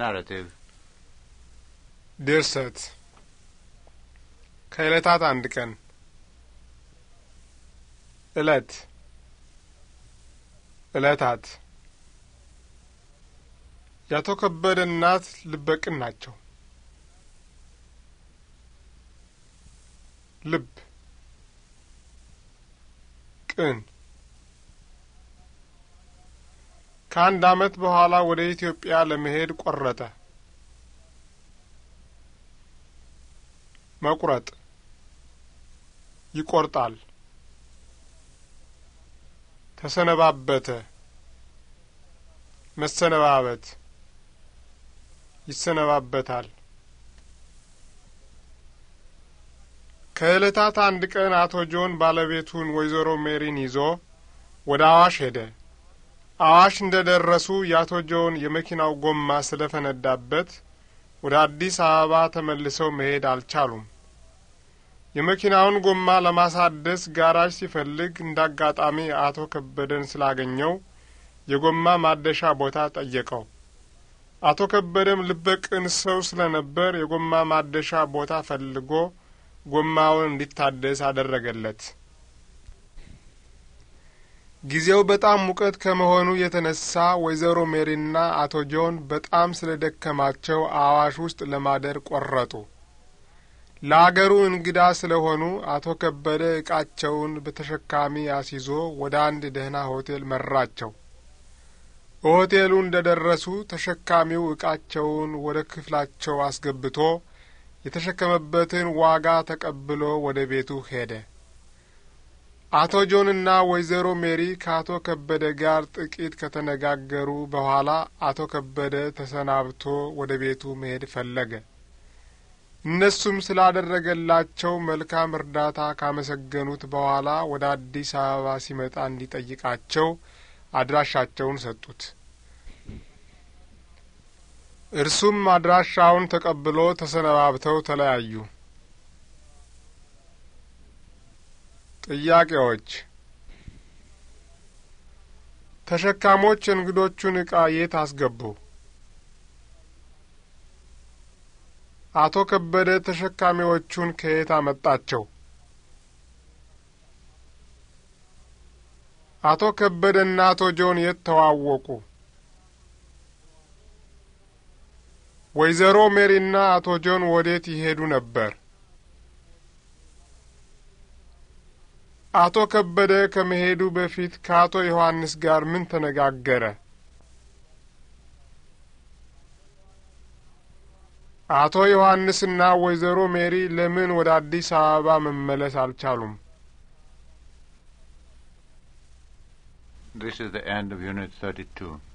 ናሬቲቭ ድርሰት ከእለታት አንድ ቀን እለት እለታት የአቶ ከበደ እናት ልበቅን ናቸው። ልብ ቅን ከአንድ ዓመት በኋላ ወደ ኢትዮጵያ ለመሄድ ቆረጠ። መቁረጥ ይቆርጣል። ተሰነባበተ፣ መሰነባበት፣ ይሰነባበታል። ከእለታት አንድ ቀን አቶ ጆን ባለቤቱን ወይዘሮ ሜሪን ይዞ ወደ አዋሽ ሄደ። አዋሽ እንደ ደረሱ የአቶ ጆን የመኪናው ጎማ ስለፈነዳበት ወደ አዲስ አበባ ተመልሰው መሄድ አልቻሉም። የመኪናውን ጎማ ለማሳደስ ጋራጅ ሲፈልግ እንደ አጋጣሚ አቶ ከበደን ስላገኘው የጎማ ማደሻ ቦታ ጠየቀው። አቶ ከበደም ልበቅን ሰው ስለነበር የጎማ ማደሻ ቦታ ፈልጎ ጎማውን እንዲታደስ አደረገለት። ጊዜው በጣም ሙቀት ከመሆኑ የተነሳ ወይዘሮ ሜሪና አቶ ጆን በጣም ስለደከማቸው አዋሽ ውስጥ ለማደር ቆረጡ። ለአገሩ እንግዳ ስለሆኑ አቶ ከበደ እቃቸውን በተሸካሚ አስይዞ ወደ አንድ ደህና ሆቴል መራቸው። በሆቴሉ እንደ ደረሱ ተሸካሚው እቃቸውን ወደ ክፍላቸው አስገብቶ የተሸከመበትን ዋጋ ተቀብሎ ወደ ቤቱ ሄደ። አቶ ጆንና ወይዘሮ ሜሪ ከአቶ ከበደ ጋር ጥቂት ከተነጋገሩ በኋላ አቶ ከበደ ተሰናብቶ ወደ ቤቱ መሄድ ፈለገ። እነሱም ስላደረገላቸው መልካም እርዳታ ካመሰገኑት በኋላ ወደ አዲስ አበባ ሲመጣ እንዲጠይቃቸው አድራሻቸውን ሰጡት። እርሱም አድራሻውን ተቀብሎ ተሰነባብተው ተለያዩ። ጥያቄዎች ተሸካሞች እንግዶቹን ዕቃ የት አስገቡ? አቶ ከበደ ተሸካሚዎቹን ከየት አመጣቸው? አቶ ከበደና አቶ ጆን የት ተዋወቁ? ወይዘሮ ሜሪና አቶ ጆን ወዴት ይሄዱ ነበር? አቶ ከበደ ከመሄዱ በፊት ከአቶ ዮሐንስ ጋር ምን ተነጋገረ? አቶ ዮሐንስና ወይዘሮ ሜሪ ለምን ወደ አዲስ አበባ መመለስ አልቻሉም? This is the end of Unit 32.